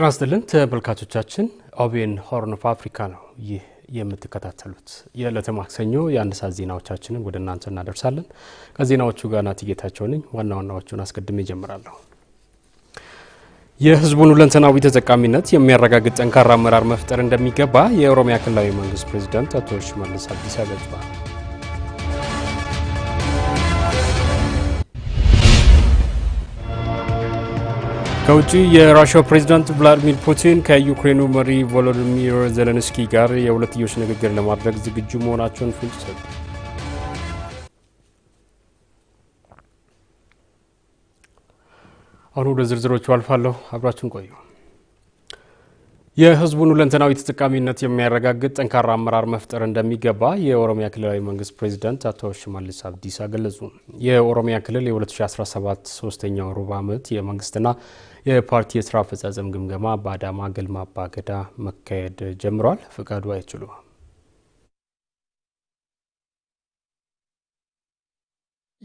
ጤና ይስጥልን ተመልካቾቻችን፣ ኦቤን ሆርን ኦፍ አፍሪካ ነው ይህ የምትከታተሉት። የዕለተ ማክሰኞ የአንድ ሰዓት ዜናዎቻችንን ወደ እናንተ እናደርሳለን። ከዜናዎቹ ጋር ናቲ ጌታቸው ነኝ። ዋና ዋናዎቹን አስቀድሜ ይጀምራለሁ። የህዝቡን ሁለንተናዊ ተጠቃሚነት የሚያረጋግጥ ጠንካራ አመራር መፍጠር እንደሚገባ የኦሮሚያ ክልላዊ መንግስት ፕሬዚዳንት አቶ ሽመልስ አብዲሳ ገለጹ። ከውጭ የራሽያው ፕሬዝዳንት ቭላዲሚር ፑቲን ከዩክሬኑ መሪ ቮሎዲሚር ዘለንስኪ ጋር የሁለትዮሽ ንግግር ለማድረግ ዝግጁ መሆናቸውን ፍንጭ ሰጡ። አሁን ወደ ዝርዝሮቹ አልፋለሁ። አብራችን ቆዩ። የህዝቡን ሁለንተናዊ ተጠቃሚነት የሚያረጋግጥ ጠንካራ አመራር መፍጠር እንደሚገባ የኦሮሚያ ክልላዊ መንግስት ፕሬዚዳንት አቶ ሽመልስ አብዲሳ ገለጹ። የኦሮሚያ ክልል የ2017 ሶስተኛው ሩብ ዓመት የመንግስትና የፓርቲ የስራ አፈጻጸም ግምገማ በአዳማ ገልማ አባገዳ መካሄድ ጀምሯል። ፍቃዱ አይችሉም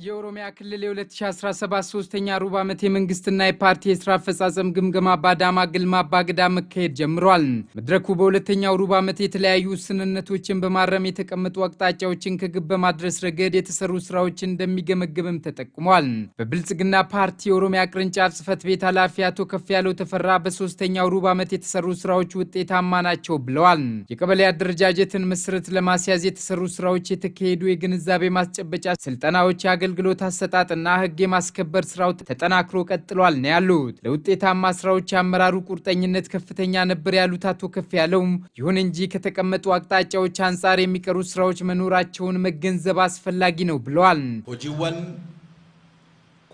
የኦሮሚያ ክልል የ2017 ሶስተኛ ሩብ ዓመት የመንግስትና የፓርቲ የስራ አፈጻጸም ግምገማ በአዳማ ግልማ አባግዳ መካሄድ ጀምሯል። መድረኩ በሁለተኛው ሩብ ዓመት የተለያዩ ውስንነቶችን በማረም የተቀመጡ አቅጣጫዎችን ከግብ በማድረስ ረገድ የተሰሩ ስራዎችን እንደሚገመግብም ተጠቁሟል። በብልጽግና ፓርቲ የኦሮሚያ ቅርንጫፍ ጽህፈት ቤት ኃላፊ አቶ ያለው ተፈራ በሶስተኛው ሩብ ዓመት የተሰሩ ስራዎች ውጤታማ ናቸው ብለዋል። የቀበሌ አደረጃጀትን መሰረት ለማስያዝ የተሰሩ ስራዎች የተካሄዱ የግንዛቤ ማስጨበጫ ስልጠናዎች አገልግሎት አሰጣጥና ህግ የማስከበር ስራው ተጠናክሮ ቀጥሏል ነው ያሉት። ለውጤታማ ስራዎች የአመራሩ ቁርጠኝነት ከፍተኛ ነበር ያሉት አቶ ከፍ ያለውም ይሁን እንጂ ከተቀመጡ አቅጣጫዎች አንጻር የሚቀሩ ስራዎች መኖራቸውን መገንዘብ አስፈላጊ ነው ብለዋል። ሆጂወን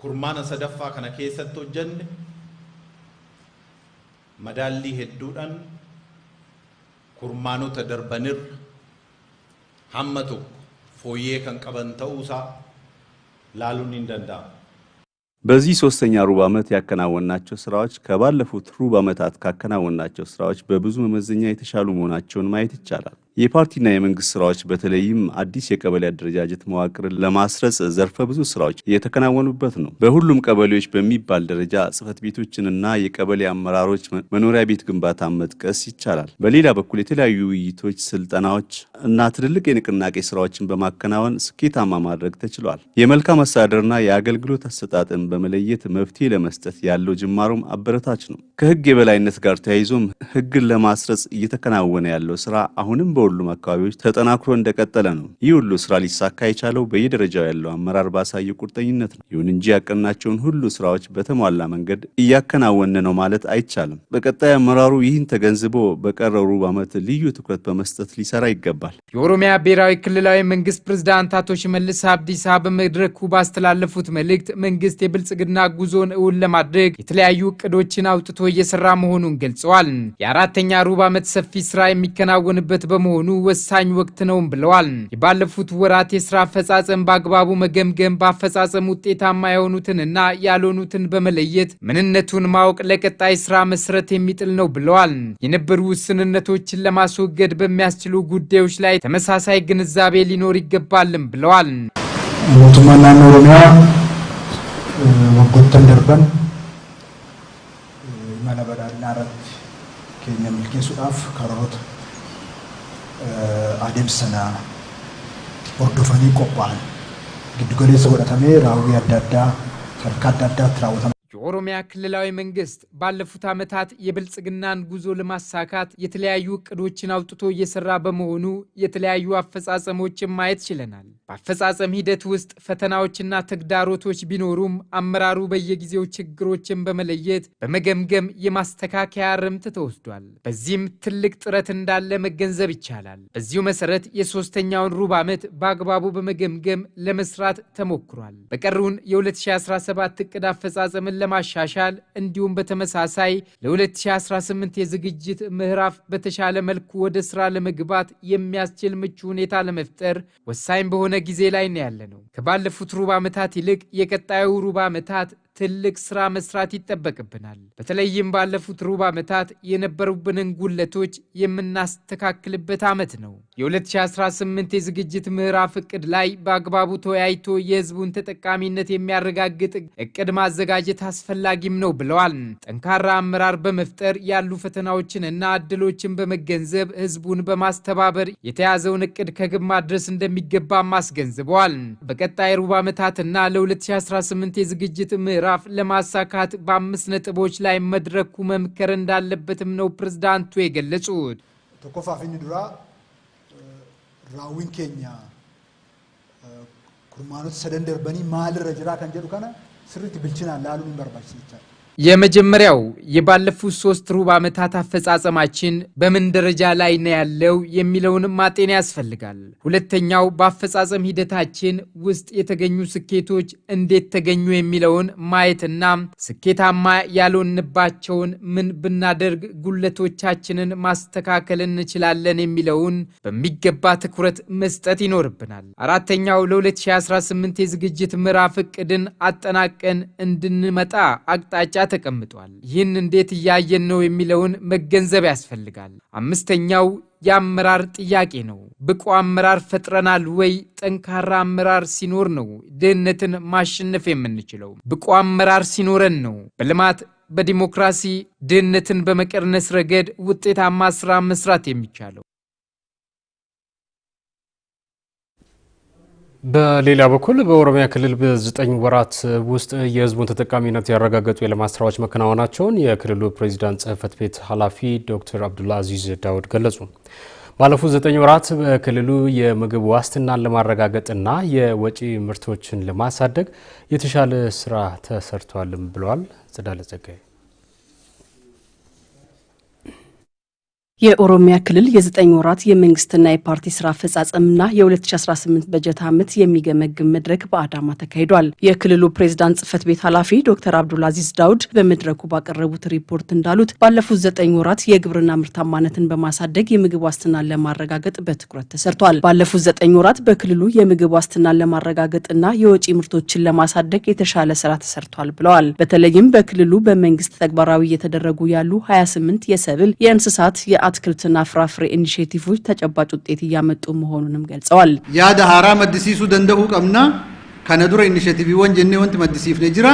ኩርማነ ሰደፋ ከነ ኬሰት ጀን መዳሊ ሄዱዳን ኩርማኖ ተደርበንር ሀመቱ ፎዬ ከንቀበን ተውሳ ላሉን እንደንዳ በዚህ ሶስተኛ ሩብ ዓመት ያከናወናቸው ስራዎች ከባለፉት ሩብ ዓመታት ካከናወናቸው ስራዎች በብዙ መመዘኛ የተሻሉ መሆናቸውን ማየት ይቻላል። የፓርቲና የመንግስት ስራዎች በተለይም አዲስ የቀበሌ አደረጃጀት መዋቅርን ለማስረጽ ዘርፈ ብዙ ስራዎች እየተከናወኑበት ነው። በሁሉም ቀበሌዎች በሚባል ደረጃ ጽህፈት ቤቶችንና የቀበሌ አመራሮች መኖሪያ ቤት ግንባታ መጥቀስ ይቻላል። በሌላ በኩል የተለያዩ ውይይቶች፣ ስልጠናዎች እና ትልልቅ የንቅናቄ ስራዎችን በማከናወን ስኬታማ ማድረግ ተችሏል። የመልካም አስተዳደርና የአገልግሎት አሰጣጥን በመለየት መፍትሄ ለመስጠት ያለው ጅማሮም አበረታች ነው። ከህግ የበላይነት ጋር ተያይዞም ህግን ለማስረጽ እየተከናወነ ያለው ስራ አሁንም በሁሉም አካባቢዎች ተጠናክሮ እንደቀጠለ ነው። ይህ ሁሉ ስራ ሊሳካ የቻለው በየደረጃው ያለው አመራር ባሳየው ቁርጠኝነት ነው። ይሁን እንጂ ያቀናቸውን ሁሉ ስራዎች በተሟላ መንገድ እያከናወነ ነው ማለት አይቻልም። በቀጣይ አመራሩ ይህን ተገንዝቦ በቀረው ሩብ ዓመት ልዩ ትኩረት በመስጠት ሊሰራ ይገባል። የኦሮሚያ ብሔራዊ ክልላዊ መንግስት ፕሬዝዳንት አቶ ሽመልስ አብዲሳ በመድረኩ ባስተላለፉት መልእክት መንግስት የብልጽግና ጉዞን እውን ለማድረግ የተለያዩ እቅዶችን አውጥቶ እየሰራ መሆኑን ገልጸዋል። የአራተኛ ሩብ ዓመት ሰፊ ስራ የሚከናወንበት በመሆኑ መሆኑ ወሳኝ ወቅት ነው ብለዋል። የባለፉት ወራት የስራ አፈጻጸም በአግባቡ መገምገም፣ በአፈጻጸም ውጤታማ የሆኑትንና ያልሆኑትን በመለየት ምንነቱን ማወቅ ለቀጣይ ስራ መሰረት የሚጥል ነው ብለዋል። የነበሩ ውስንነቶችን ለማስወገድ በሚያስችሉ ጉዳዮች ላይ ተመሳሳይ ግንዛቤ ሊኖር ይገባልም ብለዋል። ሞቱማና ኦሮሚያ ወጎተን ደርበን መለበዳና ረት ኬኛ ምልኬ ሱዳፍ adeemsa hordofanii qophaa'an giddugaleessa godhatamee raawwii adda addaa sadarkaa adda addaatti raawwatama. የኦሮሚያ ክልላዊ መንግስት ባለፉት ዓመታት የብልጽግናን ጉዞ ለማሳካት የተለያዩ እቅዶችን አውጥቶ እየሰራ በመሆኑ የተለያዩ አፈጻጸሞችን ማየት ችለናል። በአፈጻጸም ሂደት ውስጥ ፈተናዎችና ተግዳሮቶች ቢኖሩም አመራሩ በየጊዜው ችግሮችን በመለየት በመገምገም የማስተካከያ ርምት ተወስዷል። በዚህም ትልቅ ጥረት እንዳለ መገንዘብ ይቻላል። በዚሁ መሰረት የሶስተኛውን ሩብ ዓመት በአግባቡ በመገምገም ለመስራት ተሞክሯል። በቀሩን የ2017 እቅድ አፈጻጸምን ለማ ማሻሻል እንዲሁም በተመሳሳይ ለ2018 የዝግጅት ምዕራፍ በተሻለ መልኩ ወደ ስራ ለመግባት የሚያስችል ምቹ ሁኔታ ለመፍጠር ወሳኝ በሆነ ጊዜ ላይ ነው ያለ ነው። ከባለፉት ሩብ ዓመታት ይልቅ የቀጣዩ ሩብ ዓመታት ትልቅ ስራ መስራት ይጠበቅብናል። በተለይም ባለፉት ሩብ ዓመታት የነበሩብንን ጉለቶች የምናስተካክልበት ዓመት ነው። የ2018 የዝግጅት ምዕራፍ እቅድ ላይ በአግባቡ ተወያይቶ የህዝቡን ተጠቃሚነት የሚያረጋግጥ እቅድ ማዘጋጀት አስፈላጊም ነው ብለዋል። ጠንካራ አመራር በመፍጠር ያሉ ፈተናዎችን እና እድሎችን በመገንዘብ ህዝቡን በማስተባበር የተያዘውን እቅድ ከግብ ማድረስ እንደሚገባም አስገንዝበዋል። በቀጣይ ሩብ ዓመታትና ለ2018 የዝግጅት ምዕራፍ ምዕራፍ ለማሳካት በአምስት ነጥቦች ላይ መድረኩ መምከር እንዳለበትም ነው ፕሬዝዳንቱ የገለጹት። ተኮፋፊኒ ዱራ ራዊን ኬኛ ኩርማኖት ሰደንደርበኒ ማል ረጅራ ከንጀዱ ከነ ስርት ብልችና ላሉ ሚንበርባች ይቻል የመጀመሪያው የባለፉት ሶስት ሩብ ዓመታት አፈጻጸማችን በምን ደረጃ ላይ ነው ያለው የሚለውን ማጤን ያስፈልጋል። ሁለተኛው በአፈጻጸም ሂደታችን ውስጥ የተገኙ ስኬቶች እንዴት ተገኙ የሚለውን ማየትና ስኬታማ ያልሆንባቸውን ምን ብናደርግ ጉለቶቻችንን ማስተካከል እንችላለን የሚለውን በሚገባ ትኩረት መስጠት ይኖርብናል። አራተኛው ለ2018 የዝግጅት ምዕራፍ እቅድን አጠናቀን እንድንመጣ አቅጣጫ ተቀምጧል። ይህን እንዴት እያየን ነው የሚለውን መገንዘብ ያስፈልጋል። አምስተኛው የአመራር ጥያቄ ነው። ብቁ አመራር ፈጥረናል ወይ? ጠንካራ አመራር ሲኖር ነው ድህነትን ማሸነፍ የምንችለው። ብቁ አመራር ሲኖረን ነው በልማት በዲሞክራሲ ድህነትን በመቀነስ ረገድ ውጤታማ ስራ መስራት የሚቻለው። በሌላ በኩል በኦሮሚያ ክልል በዘጠኝ ወራት ውስጥ የህዝቡን ተጠቃሚነት ያረጋገጡ የልማት ስራዎች መከናወናቸውን የክልሉ ፕሬዚዳንት ጽህፈት ቤት ኃላፊ ዶክተር አብዱላ አዚዝ ዳውድ ገለጹ። ባለፉት ዘጠኝ ወራት በክልሉ የምግብ ዋስትናን ለማረጋገጥና የወጪ ምርቶችን ለማሳደግ የተሻለ ስራ ተሰርቷልም ብለዋል። ጽዳለ ጸጋይ የኦሮሚያ ክልል የዘጠኝ ወራት የመንግስትና የፓርቲ ስራ አፈጻጸምና የ2018 በጀት ዓመት የሚገመግም መድረክ በአዳማ ተካሂዷል። የክልሉ ፕሬዝዳንት ጽህፈት ቤት ኃላፊ ዶክተር አብዱል ዳውድ በመድረኩ ባቀረቡት ሪፖርት እንዳሉት ባለፉት ዘጠኝ ወራት የግብርና ምርታማነትን በማሳደግ የምግብ ዋስትናን ለማረጋገጥ በትኩረት ተሰርቷል። ባለፉት ዘጠኝ ወራት በክልሉ የምግብ ዋስትናን ለማረጋገጥና የወጪ ምርቶችን ለማሳደግ የተሻለ ስራ ተሰርቷል ብለዋል። በተለይም በክልሉ በመንግስት ተግባራዊ እየተደረጉ ያሉ 28 የሰብል የእንስሳት አትክልትና ፍራፍሬ ኢኒሽቲቭዎች ተጨባጭ ውጤት እያመጡ መሆኑንም ገልጸዋል። ያ ሀራ መድሲሱ ደንደኡ ቀምና ከነዱረ ኢኒሽቲቭ ወንጅ ወንጀኔ ወንት መድሲፍ ነጅራ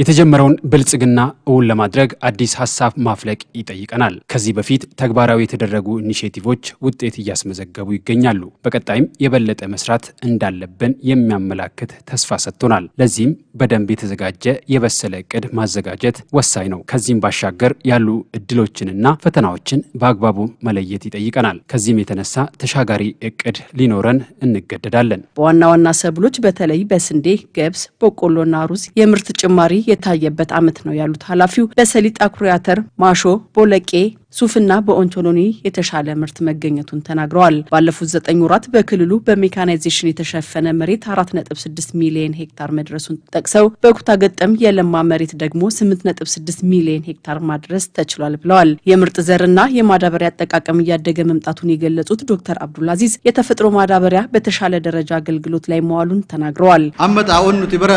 የተጀመረውን ብልጽግና እውን ለማድረግ አዲስ ሀሳብ ማፍለቅ ይጠይቀናል። ከዚህ በፊት ተግባራዊ የተደረጉ ኢኒሽቲቮች ውጤት እያስመዘገቡ ይገኛሉ። በቀጣይም የበለጠ መስራት እንዳለብን የሚያመላክት ተስፋ ሰጥቶናል። ለዚህም በደንብ የተዘጋጀ የበሰለ እቅድ ማዘጋጀት ወሳኝ ነው። ከዚህም ባሻገር ያሉ እድሎችንና ፈተናዎችን በአግባቡ መለየት ይጠይቀናል። ከዚህም የተነሳ ተሻጋሪ እቅድ ሊኖረን እንገደዳለን። በዋና ዋና ሰብሎች በተለይ በስንዴ፣ ገብስ፣ በቆሎና ሩዝ የምርት ጭማሪ የታየበት ዓመት ነው ያሉት ኃላፊው በሰሊጥ አኩሪ አተር፣ ማሾ፣ ቦለቄ ሱፍና በኦንቾሎኒ የተሻለ ምርት መገኘቱን ተናግረዋል። ባለፉት ዘጠኝ ወራት በክልሉ በሜካናይዜሽን የተሸፈነ መሬት 4.6 ሚሊዮን ሄክታር መድረሱን ጠቅሰው በኩታ ገጠም የለማ መሬት ደግሞ 8.6 ሚሊዮን ሄክታር ማድረስ ተችሏል ብለዋል። የምርጥ ዘርና የማዳበሪያ አጠቃቀም እያደገ መምጣቱን የገለጹት ዶክተር አብዱልአዚዝ የተፈጥሮ ማዳበሪያ በተሻለ ደረጃ አገልግሎት ላይ መዋሉን ተናግረዋል። አመጣ ኦኑት ብረ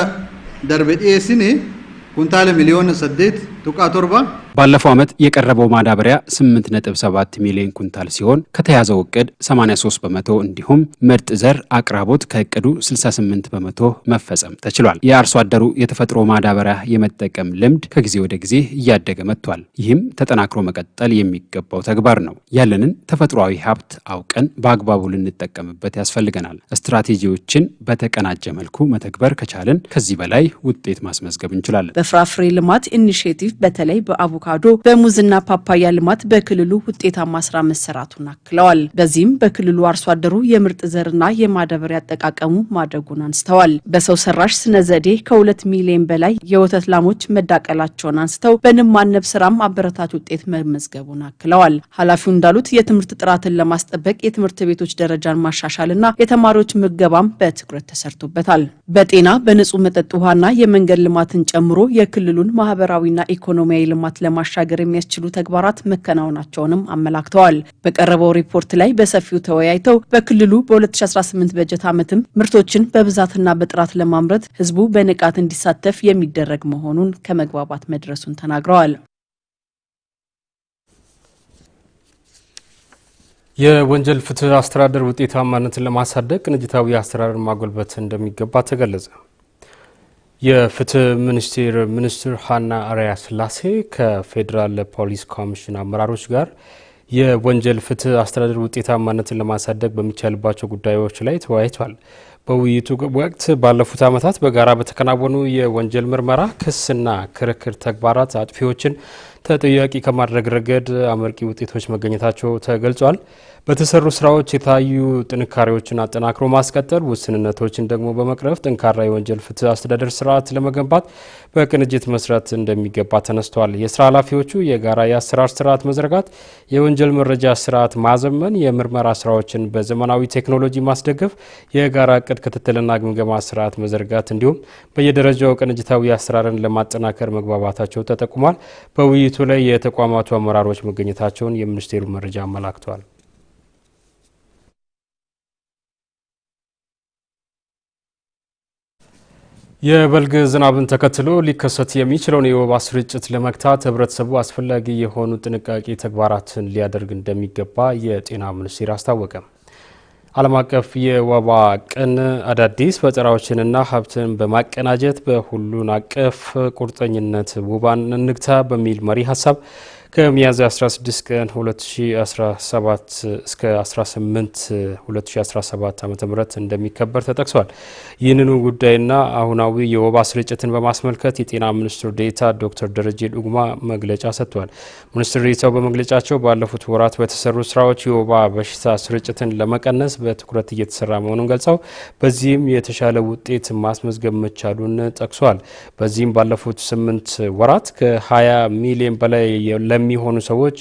ደርቤጤ ሲኒ كنتال مليون سديت ባለፈው ዓመት የቀረበው ማዳበሪያ 8.7 ሚሊዮን ኩንታል ሲሆን ከተያዘው እቅድ 83 በመቶ እንዲሁም ምርጥ ዘር አቅራቦት ከእቅዱ 68 በመቶ መፈጸም ተችሏል። የአርሶ አደሩ የተፈጥሮ ማዳበሪያ የመጠቀም ልምድ ከጊዜ ወደ ጊዜ እያደገ መጥቷል። ይህም ተጠናክሮ መቀጠል የሚገባው ተግባር ነው። ያለንን ተፈጥሯዊ ሀብት አውቀን በአግባቡ ልንጠቀምበት ያስፈልገናል። ስትራቴጂዎችን በተቀናጀ መልኩ መተግበር ከቻልን ከዚህ በላይ ውጤት ማስመዝገብ እንችላለን። በፍራፍሬ ልማት ኢኒሽቲቭ በተለይ በአቮካዶ በሙዝና ፓፓያ ልማት በክልሉ ውጤታማ ስራ መሰራቱን አክለዋል። በዚህም በክልሉ አርሶ አደሩ የምርጥ ዘርና የማዳበሪያ አጠቃቀሙ ማደጉን አንስተዋል። በሰው ሰራሽ ስነ ዘዴ ከሁለት ሚሊዮን በላይ የወተት ላሞች መዳቀላቸውን አንስተው በንብ ማነብ ስራም አበረታች ውጤት መመዝገቡን አክለዋል። ኃላፊው እንዳሉት የትምህርት ጥራትን ለማስጠበቅ የትምህርት ቤቶች ደረጃን ማሻሻልና የተማሪዎች ምገባም በትኩረት ተሰርቶበታል። በጤና በንጹህ መጠጥ ውሃና የመንገድ ልማትን ጨምሮ የክልሉን ማህበራዊና ኢኮኖሚያዊ ልማት ለማሻገር የሚያስችሉ ተግባራት መከናወናቸውንም አመላክተዋል። በቀረበው ሪፖርት ላይ በሰፊው ተወያይተው በክልሉ በ2018 በጀት ዓመትም ምርቶችን በብዛትና በጥራት ለማምረት ህዝቡ በንቃት እንዲሳተፍ የሚደረግ መሆኑን ከመግባባት መድረሱን ተናግረዋል። የወንጀል ፍትህ አስተዳደር ውጤታማነትን ለማሳደግ ቅንጅታዊ አስተዳደር ማጎልበት እንደሚገባ ተገለጸ። የፍትህ ሚኒስቴር ሚኒስትር ሀና አሪያ ስላሴ ከፌዴራል ፖሊስ ኮሚሽን አመራሮች ጋር የወንጀል ፍትህ አስተዳደር ውጤታማነትን ለማሳደግ በሚቻልባቸው ጉዳዮች ላይ ተወያይቷል። በውይይቱ ወቅት ባለፉት ዓመታት በጋራ በተከናወኑ የወንጀል ምርመራ፣ ክስና ክርክር ተግባራት አጥፊዎችን ተጠያቂ ከማድረግ ረገድ አመርቂ ውጤቶች መገኘታቸው ተገልጿል። በተሰሩ ስራዎች የታዩ ጥንካሬዎችን አጠናክሮ ማስቀጠል፣ ውስንነቶችን ደግሞ በመቅረፍ ጠንካራ የወንጀል ፍትህ አስተዳደር ስርዓት ለመገንባት በቅንጅት መስራት እንደሚገባ ተነስቷል። የስራ ኃላፊዎቹ የጋራ የአሰራር ስርዓት መዘርጋት፣ የወንጀል መረጃ ስርዓት ማዘመን፣ የምርመራ ስራዎችን በዘመናዊ ቴክኖሎጂ ማስደገፍ፣ የጋራ እቅድ ክትትልና ግምገማ ስርዓት መዘርጋት እንዲሁም በየደረጃው ቅንጅታዊ አሰራርን ለማጠናከር መግባባታቸው ተጠቁሟል። በውይይቱ በውይይቱ ላይ የተቋማቱ አመራሮች መገኘታቸውን የሚኒስቴሩ መረጃ አመላክቷል። የበልግ ዝናብን ተከትሎ ሊከሰት የሚችለውን የወባ ስርጭት ለመግታት ህብረተሰቡ አስፈላጊ የሆኑ ጥንቃቄ ተግባራትን ሊያደርግ እንደሚገባ የጤና ሚኒስቴር አስታወቀም። ዓለም አቀፍ የወባ ቀን አዳዲስ ፈጠራዎችንና ሀብትን በማቀናጀት በሁሉን አቀፍ ቁርጠኝነት ወባን እንግታ በሚል መሪ ሀሳብ ከሚያዝያ 16 ቀን 2017 እስከ 18 2017 ዓ ም እንደሚከበር ተጠቅሷል። ይህንኑ ጉዳይና አሁናዊ የወባ ስርጭትን በማስመልከት የጤና ሚኒስትር ዴታ ዶክተር ደረጀ ዱጉማ መግለጫ ሰጥቷል። ሚኒስትር ዴታው በመግለጫቸው ባለፉት ወራት በተሰሩ ስራዎች የወባ በሽታ ስርጭትን ለመቀነስ በትኩረት እየተሰራ መሆኑን ገልጸው በዚህም የተሻለ ውጤት ማስመዝገብ መቻሉን ጠቅሷል። በዚህም ባለፉት ስምንት ወራት ከ20 ሚሊዮን በላይ ለሚሆኑ ሰዎች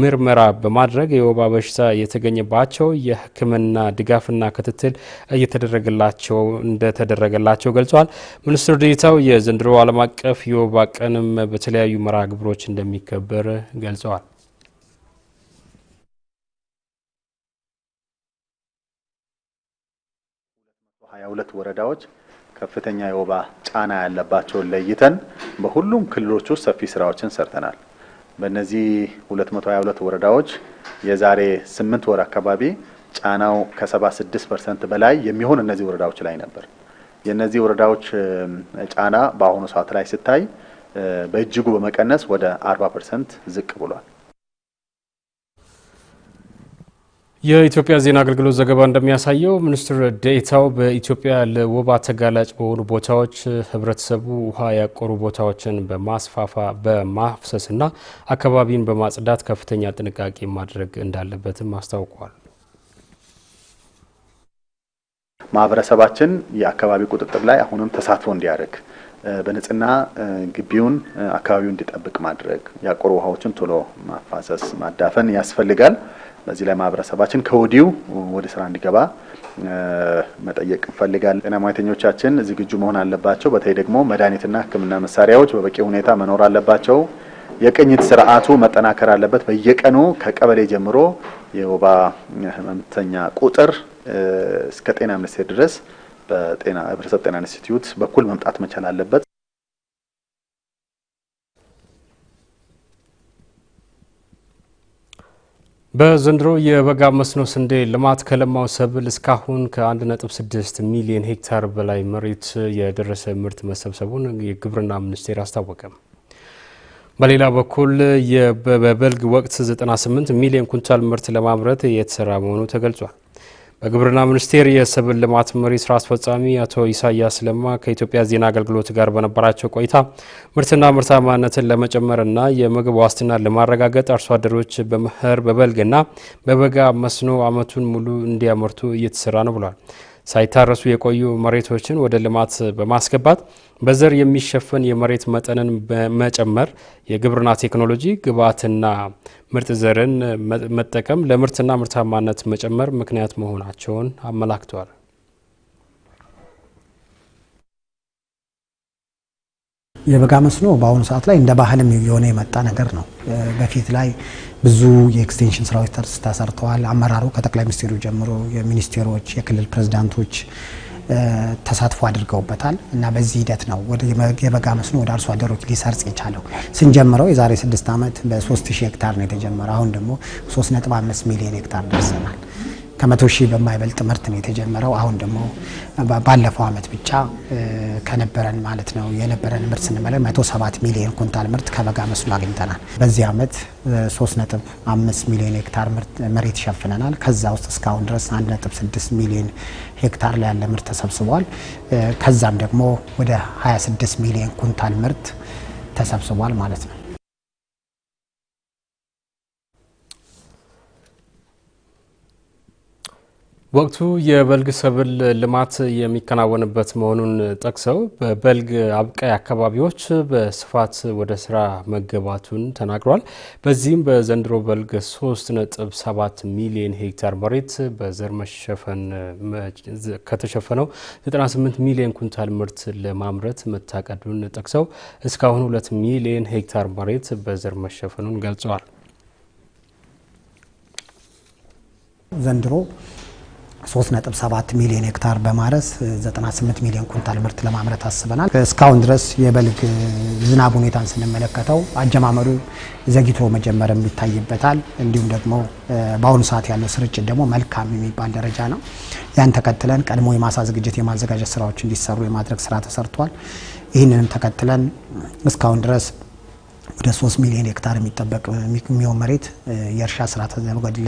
ምርመራ በማድረግ የወባ በሽታ የተገኘባቸው የሕክምና ድጋፍና ክትትል እየተደረገላቸው እንደተደረገላቸው ገልጸዋል። ሚኒስትሩ ዴኤታው የዘንድሮ ዓለም አቀፍ የወባ ቀንም በተለያዩ መርሃ ግብሮች እንደሚከበር ገልጸዋል። ሀያ ሁለት ወረዳዎች ከፍተኛ የወባ ጫና ያለባቸውን ለይተን በሁሉም ክልሎች ውስጥ ሰፊ ስራዎችን ሰርተናል። በእነዚህ 222 ወረዳዎች የዛሬ ስምንት ወር አካባቢ ጫናው ከ76 ፐርሰንት በላይ የሚሆን እነዚህ ወረዳዎች ላይ ነበር። የእነዚህ ወረዳዎች ጫና በአሁኑ ሰዓት ላይ ሲታይ በእጅጉ በመቀነስ ወደ 40 ፐርሰንት ዝቅ ብሏል። የኢትዮጵያ ዜና አገልግሎት ዘገባ እንደሚያሳየው ሚኒስትር ዴኤታው በኢትዮጵያ ለወባ ተጋላጭ በሆኑ ቦታዎች ህብረተሰቡ ውሃ ያቆሩ ቦታዎችን በማስፋፋ በማፍሰስና አካባቢን በማጽዳት ከፍተኛ ጥንቃቄ ማድረግ እንዳለበትም አስታውቋል። ማህበረሰባችን የአካባቢ ቁጥጥር ላይ አሁንም ተሳትፎ እንዲያደርግ በንጽህና ግቢውን አካባቢው እንዲጠብቅ ማድረግ፣ ያቆሩ ውሃዎችን ቶሎ ማፋሰስ ማዳፈን ያስፈልጋል። በዚህ ላይ ማህበረሰባችን ከወዲሁ ወደ ስራ እንዲገባ መጠየቅ እንፈልጋለን። ጤና ሙያተኞቻችን ዝግጁ መሆን አለባቸው። በተለይ ደግሞ መድኃኒትና ሕክምና መሳሪያዎች በበቂ ሁኔታ መኖር አለባቸው። የቅኝት ስርዓቱ መጠናከር አለበት። በየቀኑ ከቀበሌ ጀምሮ የወባ ህመምተኛ ቁጥር እስከ ጤና ሚኒስቴር ድረስ በጤና ህብረተሰብ ጤና ኢንስቲትዩት በኩል መምጣት መቻል አለበት። በዘንድሮ የበጋ መስኖ ስንዴ ልማት ከለማው ሰብል እስካሁን ከ1.6 ሚሊዮን ሄክታር በላይ መሬት የደረሰ ምርት መሰብሰቡን የግብርና ሚኒስቴር አስታወቀ። በሌላ በኩል በበልግ ወቅት 98 ሚሊዮን ኩንታል ምርት ለማምረት የተሰራ መሆኑ ተገልጿል። በግብርና ሚኒስቴር የሰብል ልማት መሪ ስራ አስፈጻሚ አቶ ኢሳያስ ለማ ከኢትዮጵያ ዜና አገልግሎት ጋር በነበራቸው ቆይታ ምርትና ምርታማነትን ለመጨመርና የምግብ ዋስትናን ለማረጋገጥ አርሶ አደሮች በመኸር በበልግና በበጋ መስኖ ዓመቱን ሙሉ እንዲያመርቱ እየተሰራ ነው ብሏል። ሳይታረሱ የቆዩ መሬቶችን ወደ ልማት በማስገባት በዘር የሚሸፈን የመሬት መጠንን በመጨመር የግብርና ቴክኖሎጂ ግብዓትና ምርጥ ዘርን መጠቀም ለምርትና ምርታማነት መጨመር ምክንያት መሆናቸውን አመላክተዋል። የበጋ መስኖ በአሁኑ ሰዓት ላይ እንደ ባህልም የሆነ የመጣ ነገር ነው። በፊት ላይ ብዙ የኤክስቴንሽን ስራዎች ተሰርተዋል። አመራሩ ከጠቅላይ ሚኒስቴሩ ጀምሮ የሚኒስቴሮች፣ የክልል ፕሬዚዳንቶች ተሳትፎ አድርገውበታል እና በዚህ ሂደት ነው ወደ የበጋ መስኖ ወደ አርሶ አደሮች ሊሰርጽ የቻለው። ስንጀምረው የዛሬ ስድስት ዓመት በ3000 ሄክታር ነው የተጀመረ አሁን ደግሞ 3.5 ሚሊዮን ሄክታር ደርሰናል። ከመቶ ሺህ በማይበልጥ ምርት ነው የተጀመረው። አሁን ደግሞ ባለፈው ዓመት ብቻ ከነበረን ማለት ነው የነበረን ምርት ስንመለከት 107 ሚሊዮን ኩንታል ምርት ከበጋ መስኖ አግኝተናል። በዚህ ዓመት 3.5 ሚሊዮን ሄክታር መሬት ይሸፍነናል ከዛ ውስጥ እስካሁን ድረስ 1.6 ሚሊዮን ሄክታር ላይ ያለ ምርት ተሰብስቧል። ከዛም ደግሞ ወደ 26 ሚሊዮን ኩንታል ምርት ተሰብስቧል ማለት ነው። ወቅቱ የበልግ ሰብል ልማት የሚከናወንበት መሆኑን ጠቅሰው በበልግ አብቃይ አካባቢዎች በስፋት ወደ ስራ መገባቱን ተናግሯል። በዚህም በዘንድሮ በልግ 3.7 ሚሊዮን ሄክታር መሬት በዘር መሸፈን ከተሸፈነው 98 ሚሊዮን ኩንታል ምርት ለማምረት መታቀዱን ጠቅሰው እስካሁን 2 ሚሊዮን ሄክታር መሬት በዘር መሸፈኑን ገልጸዋል። ዘንድሮ 3.7 ሚሊዮን ሄክታር በማረስ 98 ሚሊዮን ኩንታል ምርት ለማምረት አስበናል። እስካሁን ድረስ የበልግ ዝናብ ሁኔታን ስንመለከተው አጀማመሩ ዘግይቶ መጀመርም ይታይበታል። እንዲሁም ደግሞ በአሁኑ ሰዓት ያለው ስርጭት ደግሞ መልካም የሚባል ደረጃ ነው። ያን ተከትለን ቀድሞ የማሳ ዝግጅት የማዘጋጀት ስራዎች እንዲሰሩ የማድረግ ስራ ተሰርቷል። ይህንንም ተከትለን እስካሁን ድረስ ወደ 3 ሚሊዮን ሄክታር የሚጠበቅ የሚሆን መሬት የእርሻ ስራ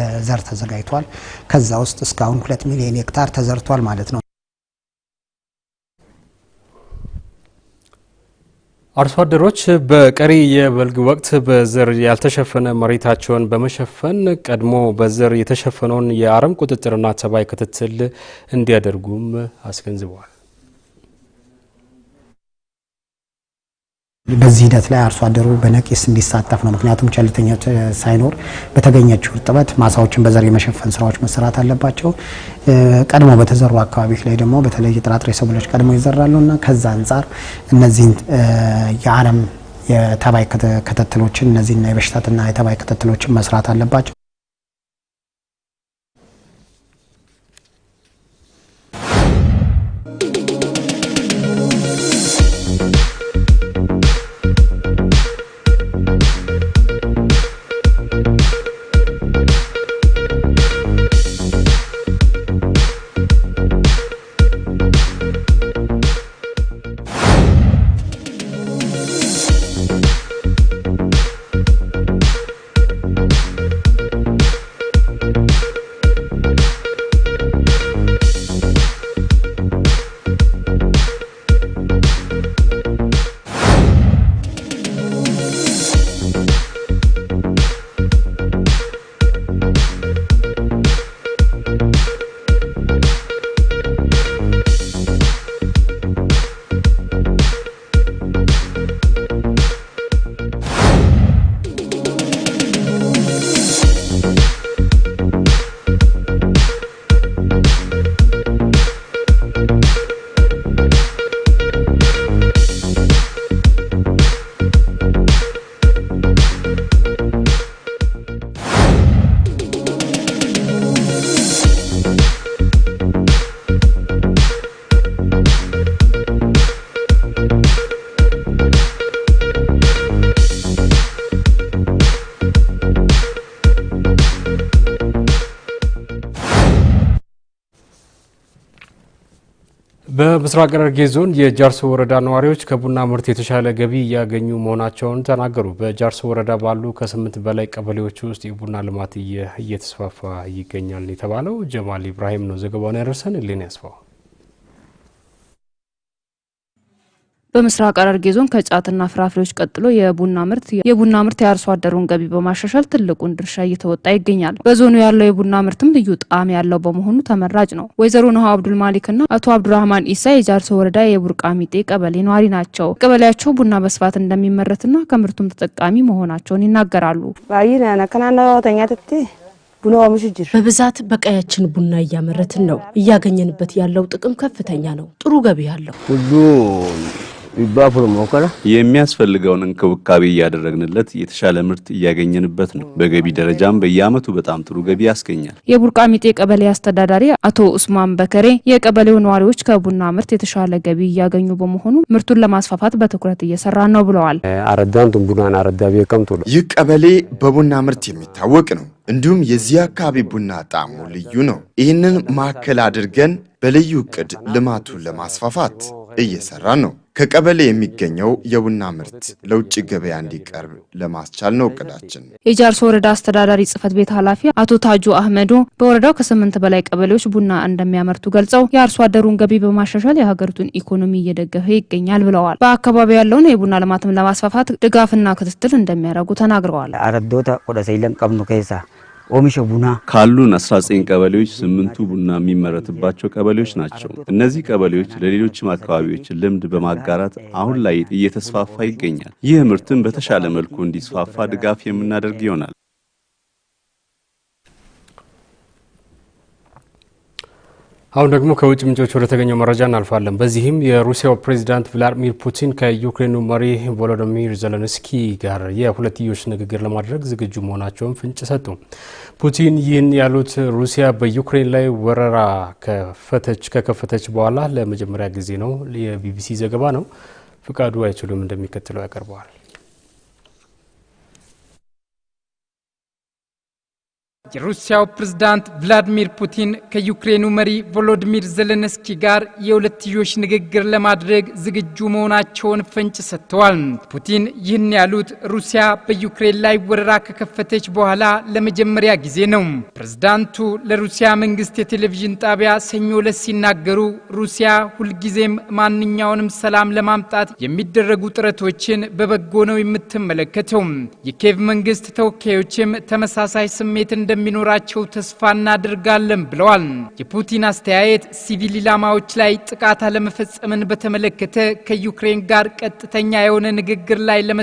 ለዘር ተዘጋጅቷል። ከዛ ውስጥ እስካሁን 2 ሚሊዮን ሄክታር ተዘርቷል ማለት ነው። አርሶ አደሮች በቀሪ የበልግ ወቅት በዘር ያልተሸፈነ መሬታቸውን በመሸፈን ቀድሞ በዘር የተሸፈነውን የአረም ቁጥጥርና ተባይ ክትትል እንዲያደርጉም አስገንዝበዋል። በዚህ ሂደት ላይ አርሶ አደሩ በነቂስ እንዲሳተፍ ነው። ምክንያቱም ቸልተኛ ሳይኖር በተገኘችው እርጥበት ማሳዎችን በዘር የመሸፈን ስራዎች መሰራት አለባቸው። ቀድሞ በተዘሩ አካባቢዎች ላይ ደግሞ በተለይ የጥራጥሬ ሰብሎች ቀድሞ ይዘራሉ እና ከዛ አንጻር እነዚህን የአረም የተባይ ክትትሎችን እነዚህና የበሽታትና የተባይ ክትትሎችን መስራት አለባቸው። በምስራቅ ሐረርጌ ዞን የጃርሶ ወረዳ ነዋሪዎች ከቡና ምርት የተሻለ ገቢ እያገኙ መሆናቸውን ተናገሩ። በጃርሶ ወረዳ ባሉ ከስምንት በላይ ቀበሌዎች ውስጥ የቡና ልማት እየተስፋፋ ይገኛል የተባለው ጀማል ኢብራሂም ነው። ዘገባውን ያደርሰን ሌን ያስፋው በምስራቅ ሐረርጌ ዞን ከጫትና ፍራፍሬዎች ቀጥሎ የቡና ምርት የቡና ምርት የአርሶ አደሩን ገቢ በማሻሻል ትልቁን ድርሻ እየተወጣ ይገኛል። በዞኑ ያለው የቡና ምርትም ልዩ ጣዕም ያለው በመሆኑ ተመራጭ ነው። ወይዘሮ ነሀ አብዱል ማሊክና አቶ አብዱራህማን ኢሳ የጃርሶ ወረዳ የቡርቃሚጤ ቀበሌ ነዋሪ ናቸው። ቀበሌያቸው ቡና በስፋት እንደሚመረትና ከምርቱም ተጠቃሚ መሆናቸውን ይናገራሉ። በብዛት በቀያችን ቡና እያመረትን ነው። እያገኘንበት ያለው ጥቅም ከፍተኛ ነው። ጥሩ ገቢ ያለው የሚያስፈልገውን እንክብካቤ እያደረግንለት የተሻለ ምርት እያገኘንበት ነው። በገቢ ደረጃም በየዓመቱ በጣም ጥሩ ገቢ ያስገኛል። የቡርቃሚጤ ቀበሌ አስተዳዳሪ አቶ ኡስማን በከሬ የቀበሌው ነዋሪዎች ከቡና ምርት የተሻለ ገቢ እያገኙ በመሆኑ ምርቱን ለማስፋፋት በትኩረት እየሰራ ነው ብለዋል። ይህ ቀበሌ በቡና ምርት የሚታወቅ ነው። እንዲሁም የዚህ አካባቢ ቡና ጣዕሙ ልዩ ነው። ይህንን ማዕከል አድርገን በልዩ ዕቅድ ልማቱን ለማስፋፋት እየሰራ ነው። ከቀበሌ የሚገኘው የቡና ምርት ለውጭ ገበያ እንዲቀርብ ለማስቻል ነው እቅዳችን። የጃርሶ ወረዳ አስተዳዳሪ ጽህፈት ቤት ኃላፊ አቶ ታጁ አህመዱ በወረዳው ከስምንት በላይ ቀበሌዎች ቡና እንደሚያመርቱ ገልጸው የአርሶ አደሩን ገቢ በማሻሻል የሀገሪቱን ኢኮኖሚ እየደገፈ ይገኛል ብለዋል። በአካባቢው ያለውን የቡና ልማትም ለማስፋፋት ድጋፍና ክትትል እንደሚያደርጉ ተናግረዋል። አረዶታ ቆደሰይለን ቀብኑ ከሳ ኦሚሸ ቡና ካሉን 19 ቀበሌዎች ስምንቱ ቡና የሚመረትባቸው ቀበሌዎች ናቸው። እነዚህ ቀበሌዎች ለሌሎችም አካባቢዎች ልምድ በማጋራት አሁን ላይ እየተስፋፋ ይገኛል። ይህ ምርትም በተሻለ መልኩ እንዲስፋፋ ድጋፍ የምናደርግ ይሆናል። አሁን ደግሞ ከውጭ ምንጮች ወደ ተገኘው መረጃ እናልፋለን። በዚህም የሩሲያው ፕሬዚዳንት ቭላዲሚር ፑቲን ከዩክሬኑ መሪ ቮሎዶሚር ዘለንስኪ ጋር የሁለትዮሽ ንግግር ለማድረግ ዝግጁ መሆናቸውን ፍንጭ ሰጡ። ፑቲን ይህን ያሉት ሩሲያ በዩክሬን ላይ ወረራ ከፈተች ከከፈተች በኋላ ለመጀመሪያ ጊዜ ነው። የቢቢሲ ዘገባ ነው። ፍቃዱ አይችሉም እንደሚከተለው ያቀርበዋል። የሩሲያው ፕሬዝዳንት ቭላዲሚር ፑቲን ከዩክሬኑ መሪ ቮሎዲሚር ዘለንስኪ ጋር የሁለትዮሽ ንግግር ለማድረግ ዝግጁ መሆናቸውን ፍንጭ ሰጥተዋል። ፑቲን ይህን ያሉት ሩሲያ በዩክሬን ላይ ወረራ ከከፈተች በኋላ ለመጀመሪያ ጊዜ ነው። ፕሬዝዳንቱ ለሩሲያ መንግስት የቴሌቪዥን ጣቢያ ሰኞ ዕለት ሲናገሩ ሩሲያ ሁልጊዜም ማንኛውንም ሰላም ለማምጣት የሚደረጉ ጥረቶችን በበጎ ነው የምትመለከተው። የኬቭ መንግስት ተወካዮችም ተመሳሳይ ስሜት እንደ እንደሚኖራቸው ተስፋ እናደርጋለን ብለዋል። የፑቲን አስተያየት ሲቪል ኢላማዎች ላይ ጥቃት አለመፈጸምን በተመለከተ ከዩክሬን ጋር ቀጥተኛ የሆነ ንግግር ላይ ለመ